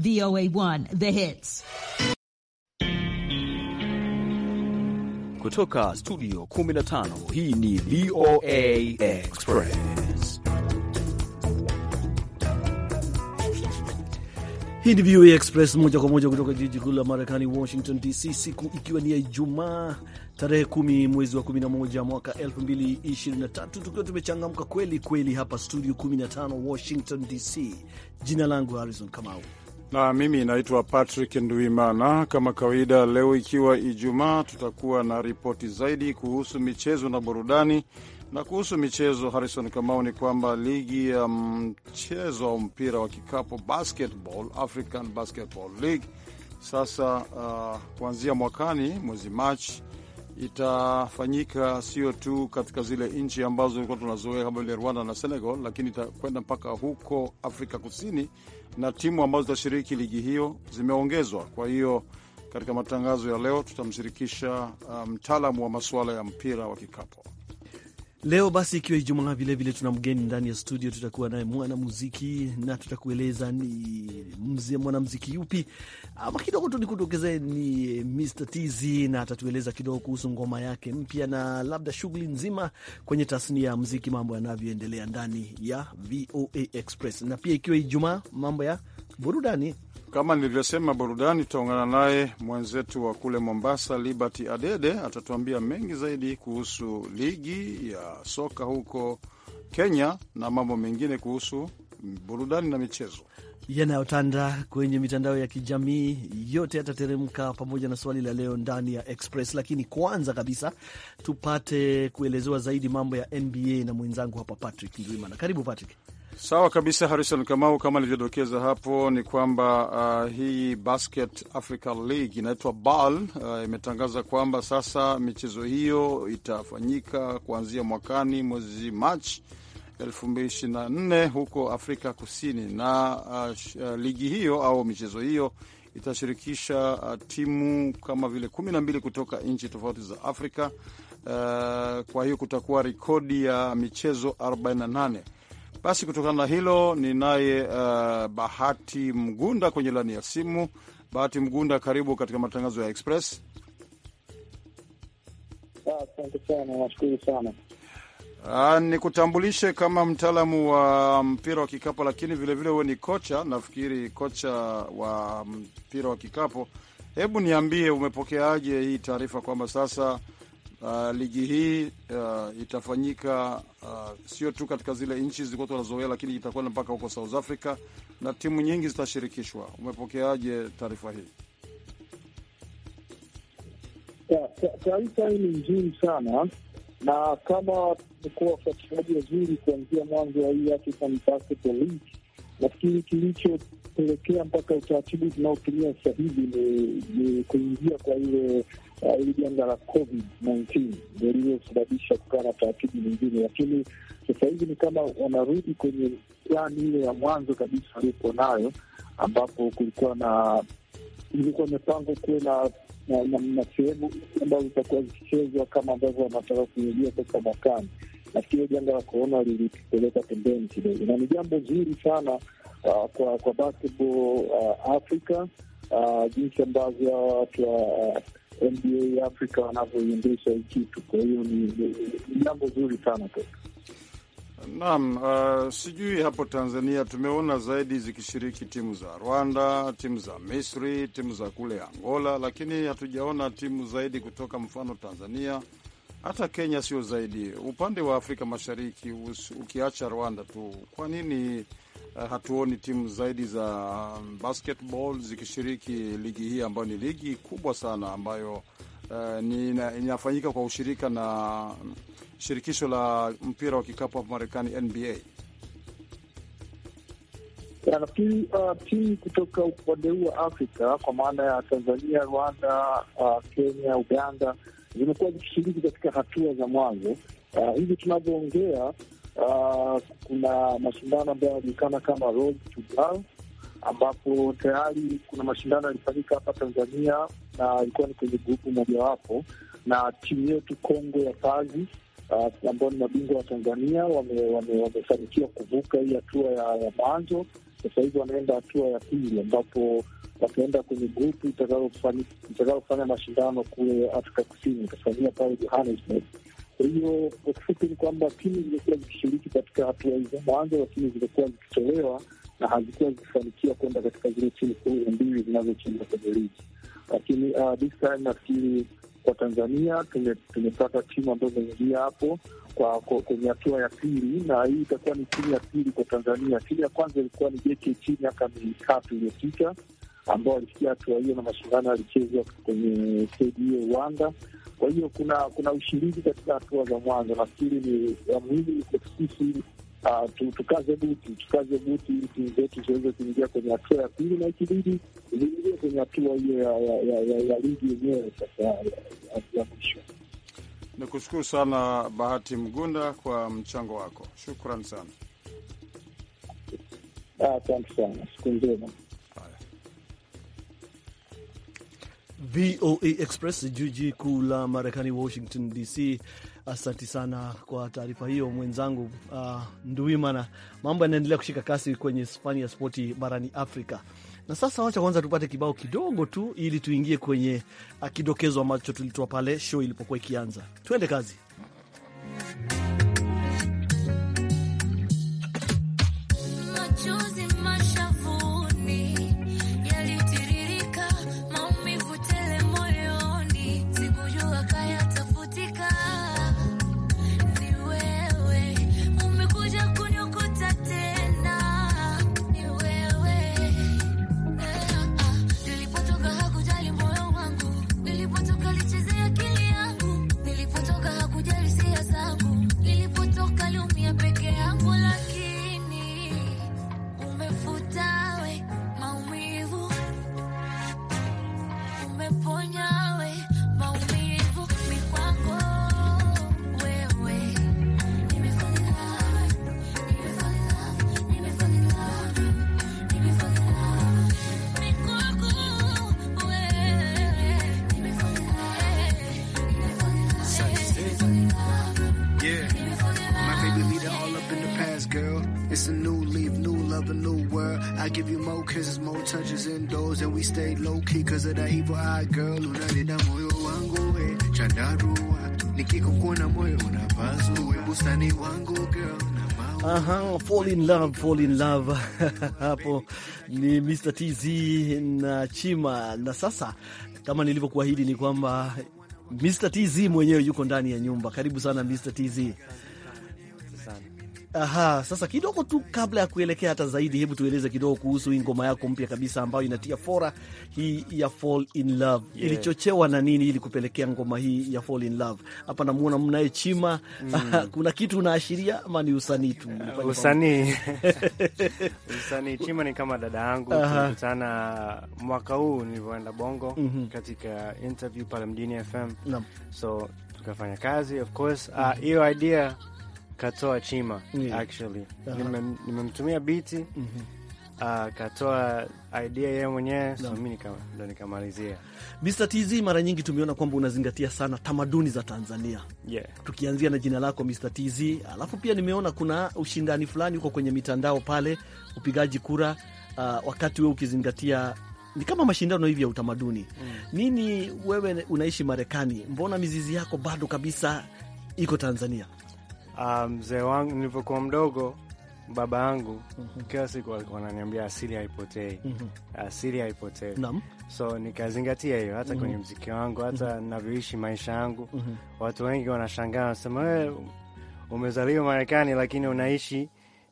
VOA1 The Hits. Kutoka studio 15 hii ni VOA Express. Hii ni VOA Express moja kwa moja kutoka jiji kuu la Marekani, Washington DC, siku ikiwa ni ya Ijumaa tarehe kumi mwezi wa 11 mwaka 2023 tukiwa tumechangamka kweli kweli hapa studio 15 Washington DC. Jina langu Harrison Kamau na mimi naitwa Patrick Nduimana. Kama kawaida, leo ikiwa Ijumaa, tutakuwa na ripoti zaidi kuhusu michezo na burudani. Na kuhusu michezo, Harrison Kamau, ni kwamba ligi ya mchezo wa mpira wa kikapu basketball, African Basketball League, sasa uh, kuanzia mwakani mwezi Machi itafanyika sio tu katika zile nchi ambazo ilikuwa tunazoea kama vile Rwanda na Senegal, lakini itakwenda mpaka huko Afrika Kusini, na timu ambazo zitashiriki ligi hiyo zimeongezwa. Kwa hiyo katika matangazo ya leo tutamshirikisha uh, mtaalamu um, wa masuala ya mpira wa kikapo Leo basi, ikiwa Ijumaa, vilevile tuna mgeni ndani ya studio. Tutakuwa naye mwanamuziki na tutakueleza ni mzee mwanamuziki yupi, ama kidogo tu nikutokezee ni eh, Mr TZ, na atatueleza kidogo kuhusu ngoma yake mpya na labda shughuli nzima kwenye tasnia ya mziki mambo yanavyoendelea ndani ya VOA Express. Na pia ikiwa Ijumaa, mambo ya burudani kama nilivyosema, burudani tutaungana naye mwenzetu wa kule Mombasa, Liberty Adede, atatuambia mengi zaidi kuhusu ligi ya soka huko Kenya na mambo mengine kuhusu burudani na michezo yanayotanda kwenye mitandao ya kijamii yote yatateremka pamoja na swali la leo ndani ya Express. Lakini kwanza kabisa tupate kuelezewa zaidi mambo ya NBA na mwenzangu hapa Patrick Ndwimana. Karibu Patrick. Sawa kabisa Harrison Kamau, kama alivyodokeza hapo ni kwamba uh, hii Basket Africa League inaitwa BAL uh, imetangaza kwamba sasa michezo hiyo itafanyika kuanzia mwakani mwezi Machi 2024 huko Afrika Kusini, na uh, uh, ligi hiyo au michezo hiyo itashirikisha uh, timu kama vile kumi na mbili kutoka nchi tofauti za Afrika. Uh, kwa hiyo kutakuwa rekodi ya michezo 48. Basi kutokana na hilo ninaye uh, Bahati Mgunda kwenye laini ya simu. Bahati Mgunda, karibu katika matangazo ya Express. Asante sana, nashukuru sana. Ah, nikutambulishe kama mtaalamu wa mpira wa kikapo lakini vilevile huwe ni kocha, nafikiri kocha wa mpira wa kikapo Hebu niambie umepokeaje hii taarifa kwamba sasa Uh, ligi hii uh, itafanyika uh, sio tu katika zile nchi zilikuwa tunazoea, lakini itakuwa mpaka huko South Africa na timu nyingi zitashirikishwa. Umepokeaje taarifa hii? Taarifa hii ni nzuri sana na kama tumekuwa wafuatiliaji wazuri kuanzia mwanzo wa hii African Basketball League, nafikiri kilichopelekea mpaka utaratibu tunaotumia sasa hivi ni kuingia kwa ile hili uh, janga la Covid 19 ndo lililosababisha kukaa na taratibu nyingine, lakini sasa hivi ni kama wanarudi kwenye plani ile ya mwanzo kabisa waliokuwa nayo, ambapo kulikuwa na ilikuwa imepangwa kuwe na na sehemu ambazo zitakuwa zikichezwa kama ambavyo wanataka kuingia sasa mwakani. Nafikiri janga la korona lilipeleka pembeni kidogo, na ni jambo zuri sana uh, kwa kwa basketball uh, Africa uh, jinsi ambavyo hawa watu wa uh, NBA Africa wanavyoiendesha hii kitu. Kwa hiyo ni jambo zuri sana kwa. Naam, uh, sijui hapo Tanzania tumeona zaidi zikishiriki timu za Rwanda, timu za Misri, timu za kule Angola, lakini hatujaona timu zaidi kutoka mfano Tanzania, hata Kenya sio zaidi. Upande wa Afrika Mashariki ukiacha Rwanda tu, kwa nini uh, hatuoni timu zaidi za um, basketball zikishiriki ligi hii ambayo ni ligi kubwa sana ambayo uh, ni, inafanyika kwa ushirika na shirikisho la mpira wa kikapu hapa Marekani, NBA? Nafikiri uh, timu kutoka upande huu wa Afrika kwa maana ya Tanzania, Rwanda, uh, Kenya, Uganda zimekuwa zikishiriki katika hatua za mwanzo. Uh, hivi tunavyoongea, uh, kuna mashindano ambayo yanajulikana kama Road to ambapo tayari kuna mashindano yalifanyika hapa Tanzania na ilikuwa ni kwenye grupu mojawapo, na timu yetu Kongo ya Pazi uh, ambao ni mabingwa wa Tanzania wamefanikiwa kuvuka hii hatua ya, ya mwanzo. Sasa hivi wanaenda hatua ya pili ambapo wataenda kwenye grupu itakayofanya mashindano kule Afrika Kusini, Tanzania pale Johannesburg. Kwa hiyo kwa kifupi ni kwamba timu zimekuwa zikishiriki katika hatua hizo mwanzo, lakini zimekuwa zikitolewa na hazikuwa zikifanikiwa kwenda katika zile timu kumi na mbili zinazocheza kwenye ligi, lakini uh, this time nafikiri kwa Tanzania tumepata timu ambayo imeingia hapo kwa kwenye hatua ya pili, na hii itakuwa ni timu ya pili kwa Tanzania. Timu ya kwanza ilikuwa ni JKT miaka mitatu iliyopita, ambao walifikia hatua hiyo na mashindano yalichezwa kwenye stedi hiyo Rwanda. Kwa hiyo kuna kuna ushiriki katika hatua za mwanzo. Nafikiri ni ya muhimu sisi uh, tukaze buti, tukaze buti, timu zetu ziweze kuingia kwenye hatua ya pili, na ikibidi ziingie kwenye hatua hiyo ya ligi yenyewe sasa ya mwisho. Ni kushukuru sana Bahati Mgunda kwa mchango wako, shukran sana. Ah, asante sana, siku njema. VOA Express, jiji kuu la Marekani, Washington DC. Asanti sana kwa taarifa hiyo mwenzangu, uh, Nduimana. Mambo yanaendelea kushika kasi kwenye fani ya spoti barani Afrika. Na sasa wacha kwanza tupate kibao kidogo tu, ili tuingie kwenye uh, kidokezo ambacho tulitoa pale show ilipokuwa ikianza. Tuende kazi. doors and we stayed low key cause of that evil eye girl. Unalinda moyo wangu we chandarua, nikikukuona moyo unapazua, we bustani wangu girl. Aha, fall in love, fall in love hapo ni Mr. TZ na Chima. Na sasa kama nilivyokuahidi ni kwamba Mr. TZ mwenyewe yuko ndani ya nyumba. Karibu sana Mr. TZ. Aha, sasa kidogo tu kabla ya kuelekea hata zaidi, hebu tueleze kidogo kuhusu hii ngoma yako mpya kabisa ambayo inatia fora hii ya Fall in Love. Yeah. Ilichochewa na nini ili kupelekea ngoma hii ya Fall in Love? Hapa namuona mnaye Chima. Mm. Kuna kitu unaashiria ama ni usanii tu? Uh, usanii. Usanii. Chima ni kama dada yangu. Tulikutana mwaka huu nilivyoenda Bongo mm -hmm. katika interview pale mjini FM. Naam. So tukafanya kazi of course. Uh, hiyo idea Katoa Chima yeah. Actually uh-huh. mm-hmm. uh -huh. Nimemtumia biti mm -hmm. Akatoa idea yeye mwenyewe so mi ndo nikamalizia. Mr TZ, mara nyingi tumeona kwamba unazingatia sana tamaduni za Tanzania yeah. Tukianzia na jina lako Mr TZ, alafu pia nimeona kuna ushindani fulani uko kwenye mitandao pale, upigaji kura uh, wakati we ukizingatia ni kama mashindano hivi ya utamaduni mm. Nini wewe unaishi Marekani, mbona mizizi yako bado kabisa iko Tanzania? Um, mzee um, wangu nilivyokuwa mdogo baba yangu mm -hmm. Kila siku alikuwa ananiambia asili haipotei, mm -hmm. asili haipotei So nikazingatia hiyo hata mm -hmm. kwenye mziki mhm. wangu hata mm -hmm. navyoishi maisha yangu mm -hmm. Watu wengi wanashangaa wanasema, wewe umezaliwa Marekani lakini unaishi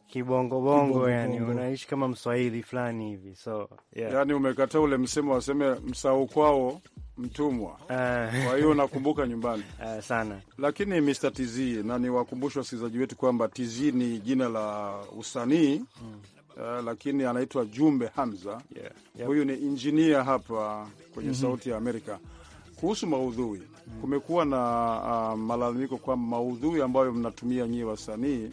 kibongobongo Kibongo, yani unaishi kama Mswahili fulani hivi so yeah. Yani umekataa ule msemo waseme msao kwao mtumwa eh. kwa hiyo nakumbuka nyumbani eh, sana. Lakini Mr TZ, na niwakumbushe wasikilizaji wetu kwamba TZ ni jina la usanii hmm. Uh, lakini anaitwa Jumbe Hamza yeah. Yep. Huyu ni injinia hapa kwenye mm -hmm. Sauti ya Amerika. Kuhusu maudhui mm -hmm. kumekuwa na uh, malalamiko kwamba maudhui ambayo mnatumia nyie wasanii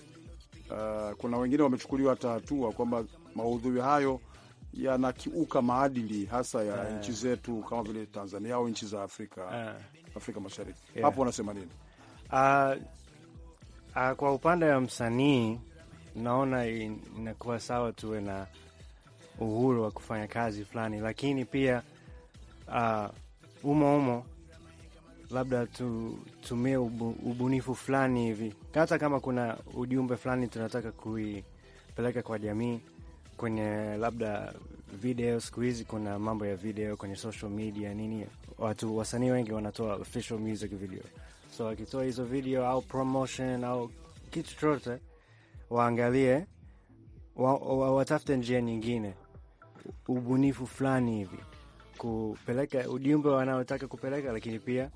uh, kuna wengine wamechukuliwa hata hatua kwamba maudhui hayo yanakiuka maadili hasa ya yeah. nchi zetu kama vile Tanzania au nchi za Afrika yeah. Afrika Mashariki yeah. Hapo wanasema nini? Uh, uh, kwa upande wa msanii naona inakuwa sawa, tuwe na uhuru wa kufanya kazi fulani, lakini pia humo ah, uh, umo, labda tutumie ubu, ubunifu fulani hivi, hata kama kuna ujumbe fulani tunataka kuipeleka kwa jamii kwenye labda video. Siku hizi kuna mambo ya video kwenye social media nini, watu wasanii wengi wanatoa official music video, so wakitoa hizo video au promotion au kitu chochote, waangalie wa, wa, watafute njia nyingine, ubunifu fulani hivi kupeleka ujumbe wanaotaka kupeleka, lakini pia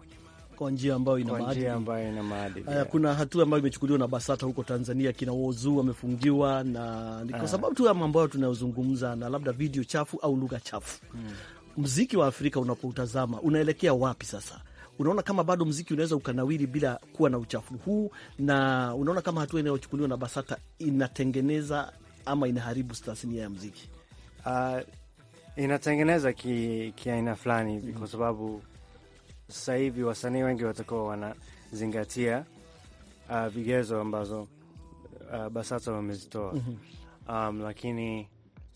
kwa njia ambayo ina maadili. Uh, kuna hatua ambayo imechukuliwa na BASATA huko Tanzania, kina Wozu wamefungiwa na ni kwa sababu tu ambayo tunayozungumza na labda video chafu au lugha chafu hmm. Mziki wa Afrika unapoutazama unaelekea wapi sasa? Unaona kama bado mziki unaweza ukanawiri bila kuwa na uchafu huu, na unaona kama hatua inayochukuliwa na BASATA inatengeneza ama inaharibu tasnia ya mziki uh, inatengeneza kiaina ki fulani hivi mm, kwa hmm. sababu sasa hivi wasanii wengi watakuwa wanazingatia uh, vigezo ambazo uh, BASATA wamezitoa mm -hmm. um, lakini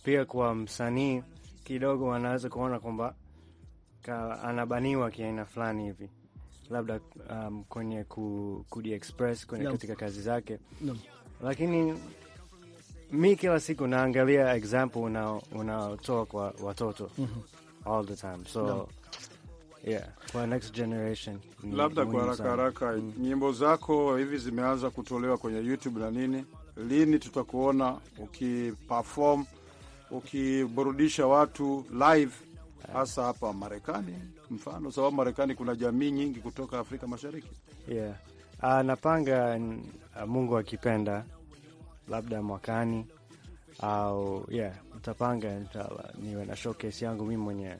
pia kwa msanii kidogo wanaweza kuona kwamba anabaniwa kiaina fulani hivi labda um, kwenye ku, kudi express kwenye no. katika kazi zake no. Lakini mi kila siku naangalia example unaotoa una kwa watoto mm -hmm. all the time so no yeah, kwa next generation. Labda kwa haraka haraka, mm. nyimbo zako hivi zimeanza kutolewa kwenye YouTube na nini, lini tutakuona ukiperform ukiburudisha watu live hasa hapa Marekani mfano, sababu Marekani kuna jamii nyingi kutoka Afrika Mashariki. Yeah. Uh, napanga uh, Mungu akipenda, labda mwakani au yeah, utapanga niwe na showcase yangu mimi mwenyewe.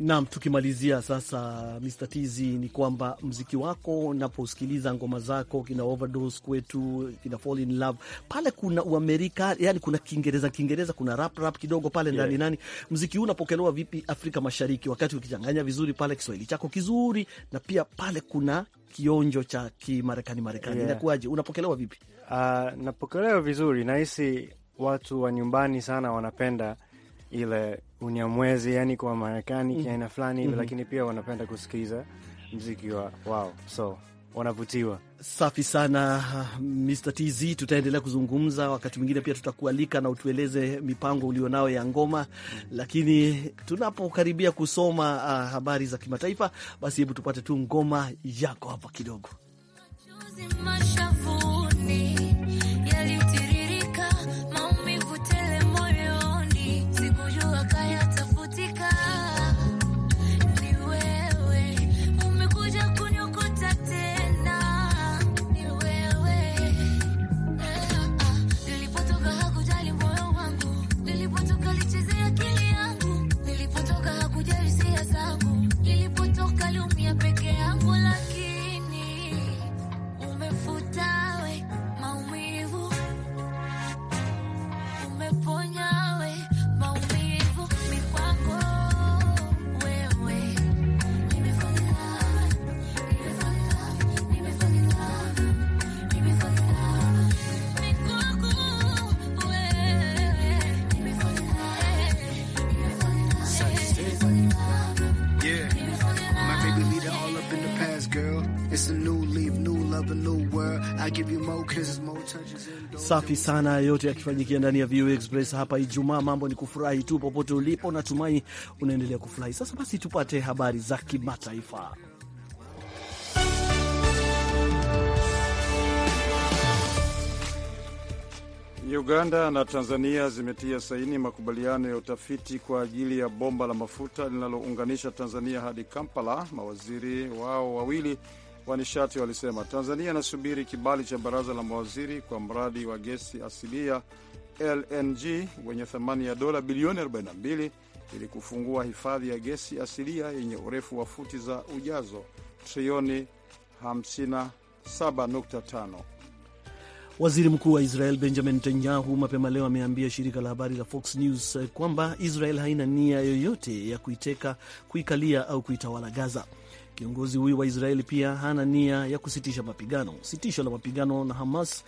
Naam, tukimalizia sasa, Mr. Tizi, ni kwamba mziki wako naposikiliza ngoma zako kina overdose kwetu kina fall in love pale, kuna Uamerika, yani kuna Kiingereza Kiingereza, kuna rap rap kidogo pale ndani yeah. Nani mziki huu unapokelewa vipi Afrika Mashariki, wakati ukichanganya vizuri pale Kiswahili chako kizuri na pia pale kuna kionjo cha Kimarekani Marekani yeah. Inakuwaje, unapokelewa vipi? Uh, ah, napokelewa vizuri, nahisi watu wa nyumbani sana wanapenda ile unyamwezi, yani kwa Marekani mm -hmm. kiaina fulani hivi mm -hmm. lakini pia wanapenda kusikiliza mziki wa wao so wanavutiwa. Safi sana uh, Mr TZ, tutaendelea kuzungumza wakati mwingine, pia tutakualika na utueleze mipango ulionayo ya ngoma. Mhm. Lakini tunapokaribia kusoma uh, habari za kimataifa, basi hebu tupate tu ngoma yako hapa kidogo. Safi sana, yote yakifanyikia ndani ya VOA Express hapa Ijumaa. Mambo ni kufurahi tu popote ulipo, natumai unaendelea kufurahi. Sasa basi, tupate habari za kimataifa. Uganda na Tanzania zimetia saini makubaliano ya utafiti kwa ajili ya bomba la mafuta linalounganisha Tanzania hadi Kampala. Mawaziri wao wawili wa nishati walisema Tanzania inasubiri kibali cha baraza la mawaziri kwa mradi wa gesi asilia LNG wenye thamani ya dola bilioni 42 ili kufungua hifadhi ya gesi asilia yenye urefu wa futi za ujazo trilioni 57.5. Waziri Mkuu wa Israel Benjamin Netanyahu mapema leo ameambia shirika la habari la Fox News kwamba Israel haina nia yoyote ya kuiteka, kuikalia au kuitawala Gaza. Kiongozi huyu wa Israeli pia hana nia ya kusitisha mapigano. Sitisho la mapigano na Hamas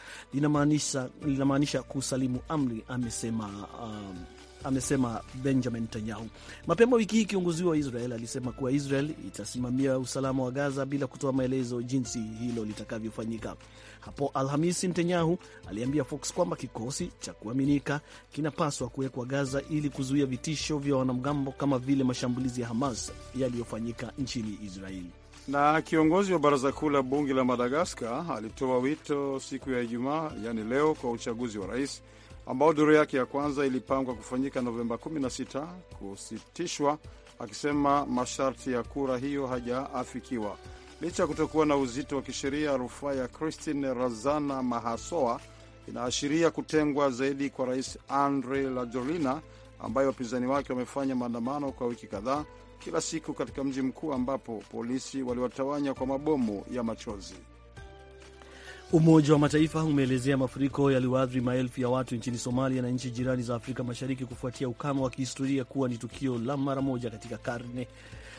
linamaanisha kusalimu amri, amesema um, amesema Benjamin Netanyahu. Mapema wiki hii kiongozi wa Israel alisema kuwa Israel itasimamia usalama wa Gaza bila kutoa maelezo jinsi hilo litakavyofanyika. Hapo Alhamisi, Netanyahu aliambia Fox kwamba kikosi cha kuaminika kinapaswa kuwekwa Gaza ili kuzuia vitisho vya wanamgambo kama vile mashambulizi ya Hamas yaliyofanyika nchini Israeli. Na kiongozi wa baraza kuu la bunge la Madagaskar alitoa wito siku ya Ijumaa, yaani leo, kwa uchaguzi wa rais ambao duru yake ya kwanza ilipangwa kufanyika Novemba 16 kusitishwa, akisema masharti ya kura hiyo hajaafikiwa. Licha ya kutokuwa na uzito wa kisheria, rufaa ya Christine Razana Mahasoa inaashiria kutengwa zaidi kwa rais Andre Rajoelina ambaye wapinzani wake wamefanya maandamano kwa wiki kadhaa kila siku katika mji mkuu ambapo polisi waliwatawanya kwa mabomu ya machozi. Umoja wa Mataifa umeelezea mafuriko yaliyoathiri maelfu ya watu nchini Somalia na nchi jirani za Afrika Mashariki kufuatia ukame wa kihistoria kuwa ni tukio la mara moja katika karne.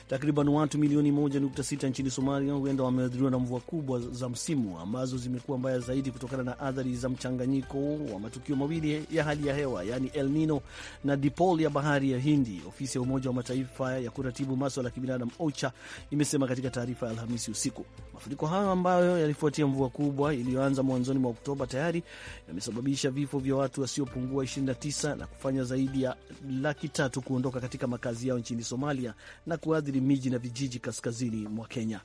Takriban watu milioni 1.6 nchini Somalia huenda wameathiriwa na mvua kubwa za msimu ambazo zimekuwa mbaya zaidi kutokana na athari za mchanganyiko wa matukio mawili ya hali ya hewa, yaani El Nino na dipol ya bahari ya Hindi. Ofisi ya Umoja wa Mataifa ya kuratibu maswala ya kibinadamu OCHA imesema katika taarifa ya Alhamisi usiku mafuriko hayo ambayo yalifuatia mvua kubwa iliyoanza mwanzoni mwa Oktoba tayari yamesababisha vifo vya watu wasiopungua 29 na kufanya zaidi ya laki tatu kuondoka katika makazi yao nchini Somalia na kuathiri kuathiri miji na vijiji kaskazini mwa Kenya.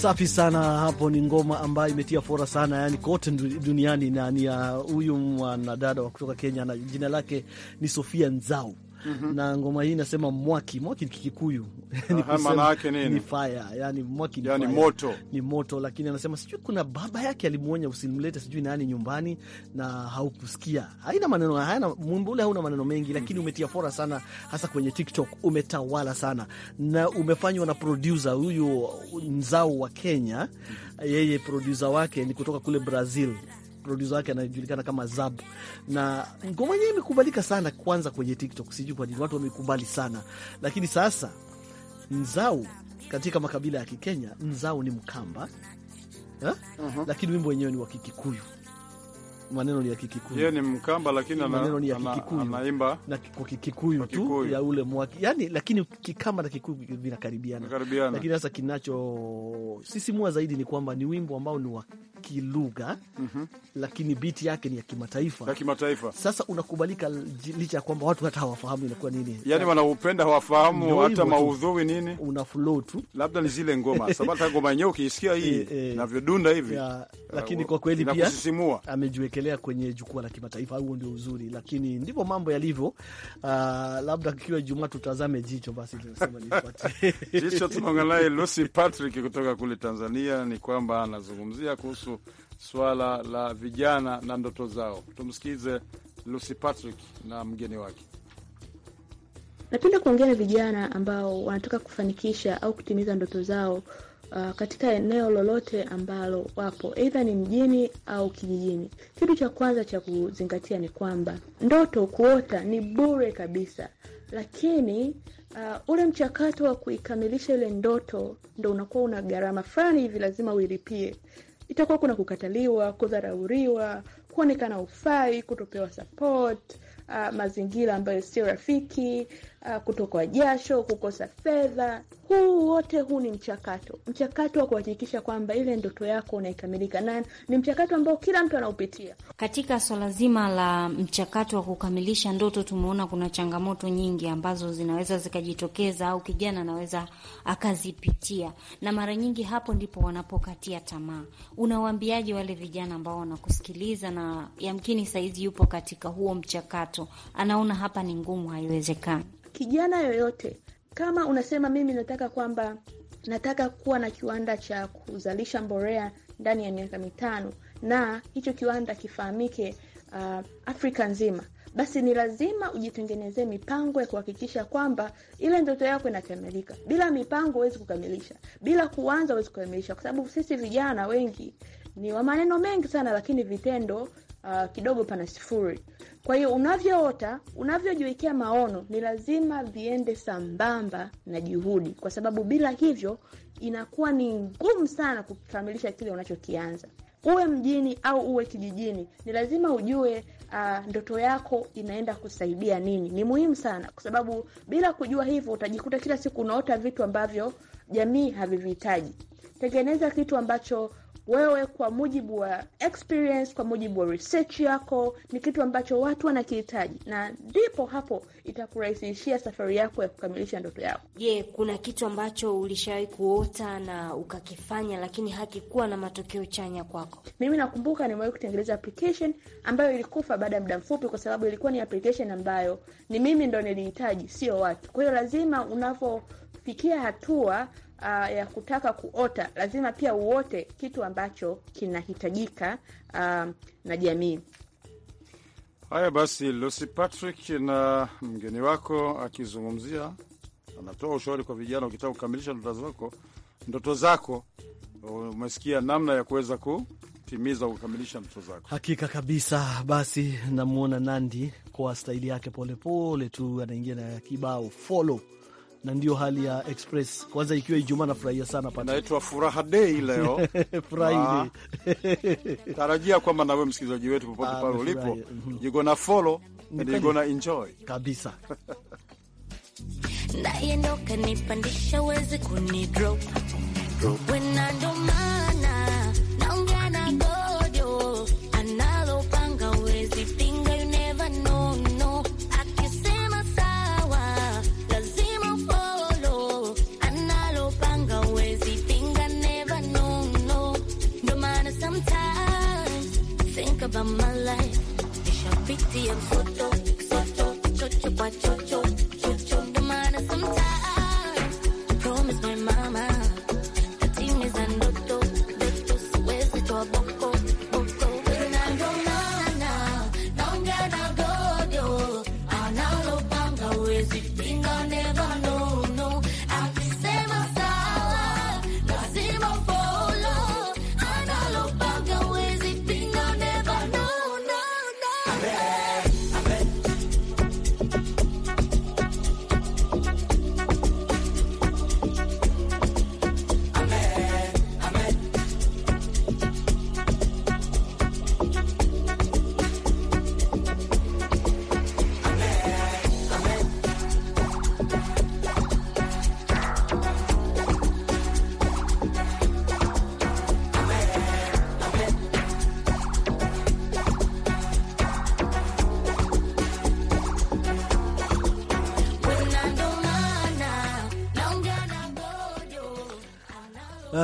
Safi sana. Hapo ni ngoma ambayo imetia fora sana, yani kote duniani, na ni huyu mwanadada wa kutoka Kenya na jina lake ni Sofia Nzau. Mhm. na ngoma hii inasema mwaki. Mwaki ni Kikikuyu Ni fire, yani mwaki ni, yani fire. Moto ni moto, lakini anasema sijui kuna baba yake alimwonya usimlete sijui nani nyumbani na haukusikia. Haina maneno, hayana mwimbo ule, hauna maneno mengi, lakini mhm. umetia fora sana, hasa kwenye TikTok umetawala sana, na umefanywa na producer huyu mzao wa Kenya, mhm. yeye producer wake ni kutoka kule Brazil producer wake anajulikana kama Zab, na ngoma yenyewe imekubalika sana, kwanza kwenye TikTok. Sijui kwa nini watu wamekubali sana, lakini sasa Nzau katika makabila ya Kikenya, Nzau ni Mkamba ha? Eh? Uh -huh. Lakini wimbo wenyewe ni wa Kikikuyu maneno ni ya Kikikuyu. Yeye ni Mkamba lakini ana maneno ni ya Kikikuyu, anaimba na kwa Kikikuyu tu ya ule mwaki, yani lakini Kikamba na Kikuyu vinakaribiana, lakini sasa kinacho sisimua zaidi ni kwamba ni wimbo ambao ni wa kilugha mm -hmm. Lakini biti yake ni ya kimataifa, ya kimataifa. Sasa unakubalika licha ya kwamba watu hata hawafahamu inakuwa nini, yani wanaupenda hawafahamu hata maudhui nini, una flow tu, labda ni zile ngoma sababu ngoma yenyewe ukisikia hii eh, eh. inavyodunda hivi, Ya, lakini kwa kweli pia Amejiweka kuwekelea kwenye jukwaa la kimataifa. Huo ndio uzuri, lakini ndivyo mambo yalivyo. Uh, labda kiwa Jumaa tutazame jicho basi, jicho. Tunaongea Lucy Patrick kutoka kule Tanzania, ni kwamba anazungumzia kuhusu swala la vijana na ndoto zao. Tumsikize Lucy Patrick na mgeni wake. Napenda kuongea na vijana ambao wanataka kufanikisha au kutimiza ndoto zao uh, katika eneo lolote ambalo wapo aidha ni mjini au kijijini. Kitu cha kwanza cha kuzingatia ni kwamba ndoto kuota ni bure kabisa, lakini uh, ule mchakato wa kuikamilisha ile ndoto ndo unakuwa una gharama fulani hivi, lazima uilipie. Itakuwa kuna kukataliwa, kudharauriwa, kuonekana ufai, kutopewa support, uh, mazingira ambayo sio rafiki Ah, kutokwa jasho, kukosa fedha. Huu wote huu ni mchakato, mchakato wa kuhakikisha kwamba ile ndoto yako unaikamilika, na ni mchakato ambao kila mtu anaupitia. Katika swala zima la mchakato wa kukamilisha ndoto, tumeona kuna changamoto nyingi ambazo zinaweza zikajitokeza au kijana anaweza akazipitia, na mara nyingi hapo ndipo wanapokatia tamaa. Unawaambiaje wale vijana ambao wanakusikiliza na yamkini saizi yupo katika huo mchakato, anaona hapa ni ngumu, haiwezekani? kijana yoyote, kama unasema mimi nataka kwamba nataka kuwa na kiwanda cha kuzalisha mborea ndani ya miaka mitano na hicho kiwanda kifahamike uh, Afrika nzima, basi ni lazima ujitengenezee mipango ya kuhakikisha kwamba ile ndoto yako inakamilika. Bila mipango huwezi kukamilisha, bila kuanza huwezi kukamilisha, kwa sababu sisi vijana wengi ni wa maneno mengi sana, lakini vitendo uh, kidogo pana sifuri. Kwa hiyo unavyoota, unavyojiwekea maono ni lazima viende sambamba na juhudi, kwa sababu bila hivyo inakuwa ni ngumu sana kukamilisha kile unachokianza. Uwe mjini au uwe kijijini, ni lazima ujue uh, ndoto yako inaenda kusaidia nini. Ni muhimu sana, kwa sababu bila kujua hivyo utajikuta kila siku unaota vitu ambavyo jamii havivihitaji. Tengeneza kitu ambacho wewe kwa mujibu wa experience, kwa mujibu wa research yako, ni kitu ambacho watu wanakihitaji, na ndipo hapo itakurahisishia safari yako ya kukamilisha ndoto yako. Je, yeah, kuna kitu ambacho ulishawahi kuota na ukakifanya lakini hakikuwa na matokeo chanya kwako? Mimi nakumbuka nimewahi kutengeneza application ambayo ilikufa baada ya muda mfupi, kwa sababu ilikuwa ni application ambayo ni mimi ndo nilihitaji, sio watu. Kwa hiyo lazima unavyofikia hatua uh, ya kutaka kuota lazima pia uote kitu ambacho kinahitajika uh, na jamii. Haya basi, Lucy Patrick na mgeni wako akizungumzia, anatoa ushauri kwa vijana, ukitaka kukamilisha ndoto zako ndoto zako, umesikia namna ya kuweza kutimiza kukamilisha ndoto zako. Hakika kabisa. Basi namwona Nandi kwa staili yake polepole tu anaingia na kibao follow na ndio hali ya Express kwanza, ikiwa Ijumaa. Nafurahia sana pa, naitwa furaha dei leo Friday ah. tarajia kwamba nawe msikilizaji wetu popote ah, pale ulipo mhm. you gonna follow and you gonna enjoy kabisa ndaye ndo kanipandisha wezi kunidrop pitia mtoto soto chocho kwa chocho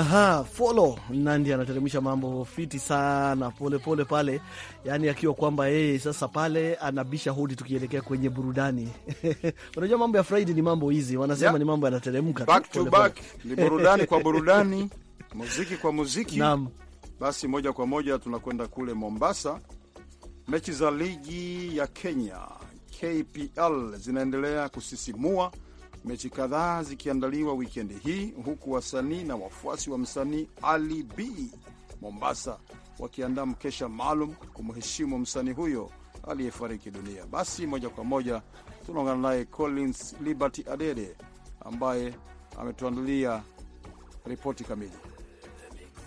Aha, folo Nandi anateremsha mambo fiti sana, pole pole pale, yani akiwa kwamba yeye sasa pale anabisha hodi, tukielekea kwenye burudani unajua mambo ya Friday ni mambo hizi wanasema, yeah. ni mambo yanateremka back to back, ni burudani kwa burudani, muziki kwa muziki. Naam, basi moja kwa moja tunakwenda kule Mombasa. Mechi za ligi ya Kenya KPL zinaendelea kusisimua mechi kadhaa zikiandaliwa wikendi hii, huku wasanii na wafuasi wa msanii Ali B Mombasa wakiandaa mkesha maalum kumheshimu msanii huyo aliyefariki dunia. Basi moja kwa moja tunaungana naye Collins Liberty Adede ambaye ametuandalia ripoti kamili.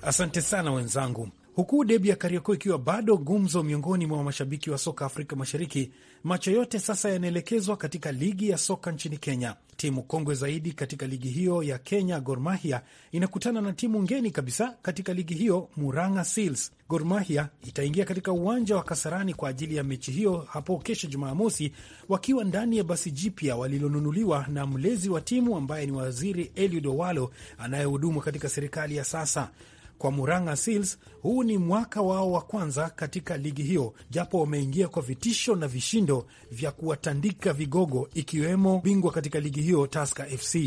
Asante sana wenzangu huku debi ya Kariakoo ikiwa bado gumzo miongoni mwa mashabiki wa soka Afrika Mashariki, macho yote sasa yanaelekezwa katika ligi ya soka nchini Kenya. Timu kongwe zaidi katika ligi hiyo ya Kenya, Gor Mahia, inakutana na timu ngeni kabisa katika ligi hiyo, Murang'a Seals. Gor Mahia itaingia katika uwanja wa Kasarani kwa ajili ya mechi hiyo hapo kesho Jumamosi, wakiwa ndani ya basi jipya walilonunuliwa na mlezi wa timu ambaye ni Waziri Eliud Owalo anayehudumu katika serikali ya sasa. Kwa Murang'a Seals, huu ni mwaka wao wa kwanza katika ligi hiyo, japo wameingia kwa vitisho na vishindo vya kuwatandika vigogo, ikiwemo bingwa katika ligi hiyo Tusker FC.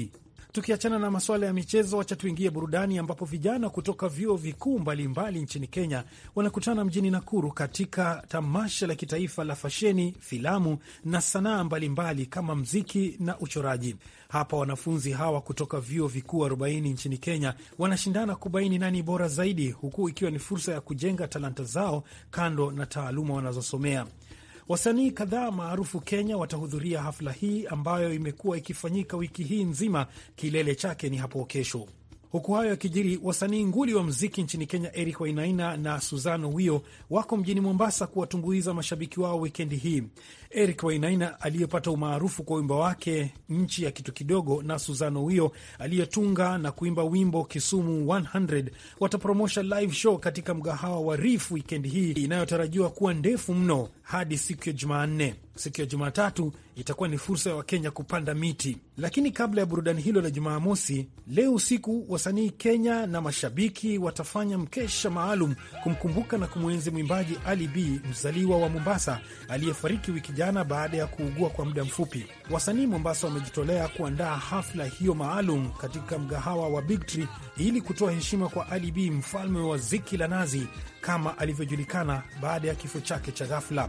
Tukiachana na masuala ya michezo, wacha tuingie burudani, ambapo vijana kutoka vyuo vikuu mbalimbali nchini Kenya wanakutana mjini Nakuru katika tamasha la kitaifa la fasheni, filamu na sanaa mbalimbali kama mziki na uchoraji. Hapa wanafunzi hawa kutoka vyuo vikuu 40 nchini Kenya wanashindana kubaini nani bora zaidi, huku ikiwa ni fursa ya kujenga talanta zao kando na taaluma wanazosomea. Wasanii kadhaa maarufu Kenya watahudhuria hafla hii ambayo imekuwa ikifanyika wiki hii nzima. Kilele chake ni hapo kesho. Huku hayo yakijiri, wasanii nguli wa mziki nchini Kenya Eric Wainaina na Suzano Wio wako mjini Mombasa kuwatumbuiza mashabiki wao wikendi hii. Eric Wainaina aliyepata umaarufu kwa wimbo wake nchi ya kitu kidogo na Suzano Wio aliyetunga na kuimba wimbo Kisumu 100 watapromosha live show katika mgahawa wa Reef wikendi hii inayotarajiwa kuwa ndefu mno hadi siku ya Jumanne siku ya Jumatatu itakuwa ni fursa ya Wakenya kupanda miti. Lakini kabla ya burudani hilo la Jumamosi, leo usiku wasanii Kenya na mashabiki watafanya mkesha maalum kumkumbuka na kumwenzi mwimbaji Ali B mzaliwa wa Mombasa aliyefariki wiki jana baada ya kuugua kwa muda mfupi. Wasanii Mombasa wamejitolea kuandaa hafla hiyo maalum katika mgahawa wa Big Tree ili kutoa heshima kwa Ali B, mfalme wa ziki la nazi kama alivyojulikana baada ya kifo chake cha ghafla.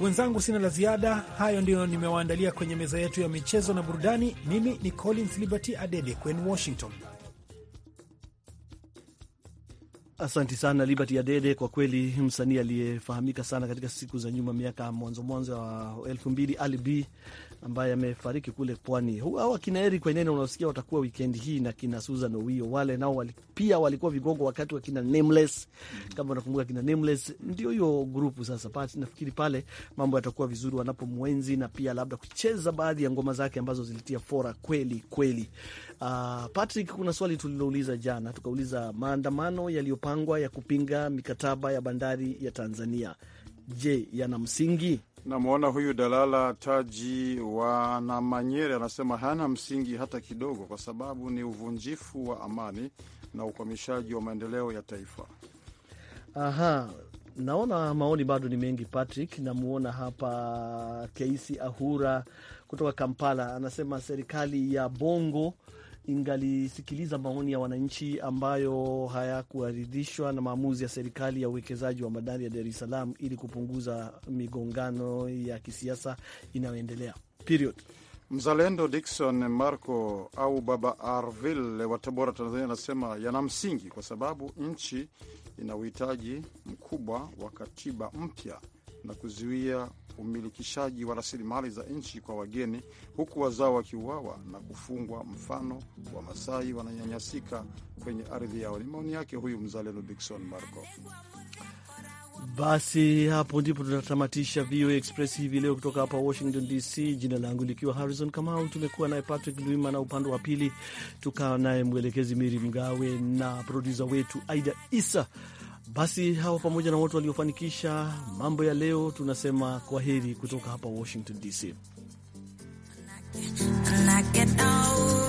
Wenzangu, sina la ziada. Hayo ndiyo nimewaandalia kwenye meza yetu ya michezo na burudani. Mimi ni Collins Liberty Adede kwenu Washington. Asanti sana Liberty Adede. Kwa kweli msanii aliyefahamika sana katika siku za nyuma, miaka mwanzo mwanzo wa elfu mbili, Ali B ambaye amefariki kule pwani. Hawa kina Eric Wainaina unaosikia watakuwa wikendi hii na kina Susan Owio wale nao wali, pia walikuwa vigongo wakati wa kina Nameless mm-hmm. kama unakumbuka kina Nameless, ndio hiyo grupu sasa pati. Nafikiri pale mambo yatakuwa vizuri wanapomwenzi na pia labda kucheza baadhi ya ngoma zake ambazo zilitia fora kweli kweli. Uh, Patrick, kuna swali tulilouliza jana, tukauliza maandamano yaliyopangwa ya kupinga mikataba ya bandari ya Tanzania, je, yana msingi? Namwona huyu Dalala Taji wa Namanyere anasema hana msingi hata kidogo, kwa sababu ni uvunjifu wa amani na ukwamishaji wa maendeleo ya taifa. Aha, naona maoni bado ni mengi. Patrick, namwona hapa Keisi Ahura kutoka Kampala anasema serikali ya Bongo ingalisikiliza maoni ya wananchi ambayo hayakuaridhishwa na maamuzi ya serikali ya uwekezaji wa bandari ya Dar es Salaam ili kupunguza migongano ya kisiasa inayoendelea. Period. Mzalendo Dikson Marco au Baba Arville wa Tabora, Tanzania, anasema yana msingi kwa sababu nchi ina uhitaji mkubwa wa katiba mpya na kuzuia umilikishaji wa rasilimali za nchi kwa wageni, huku wazao wakiuawa na kufungwa, mfano Wamasai wananyanyasika kwenye ardhi yao. Ni maoni yake huyu mzalendo Dikson Marco. Basi hapo ndipo tunatamatisha VOA Express hivi leo kutoka hapa Washington DC. Jina langu likiwa Harrison Kamau, tumekuwa naye Patrick Luima na upande wa pili tukawa naye mwelekezi Miri Mgawe na produsa wetu Aida Isa. Basi hawa pamoja na watu waliofanikisha mambo ya leo, tunasema kwa heri kutoka hapa Washington DC. Oh.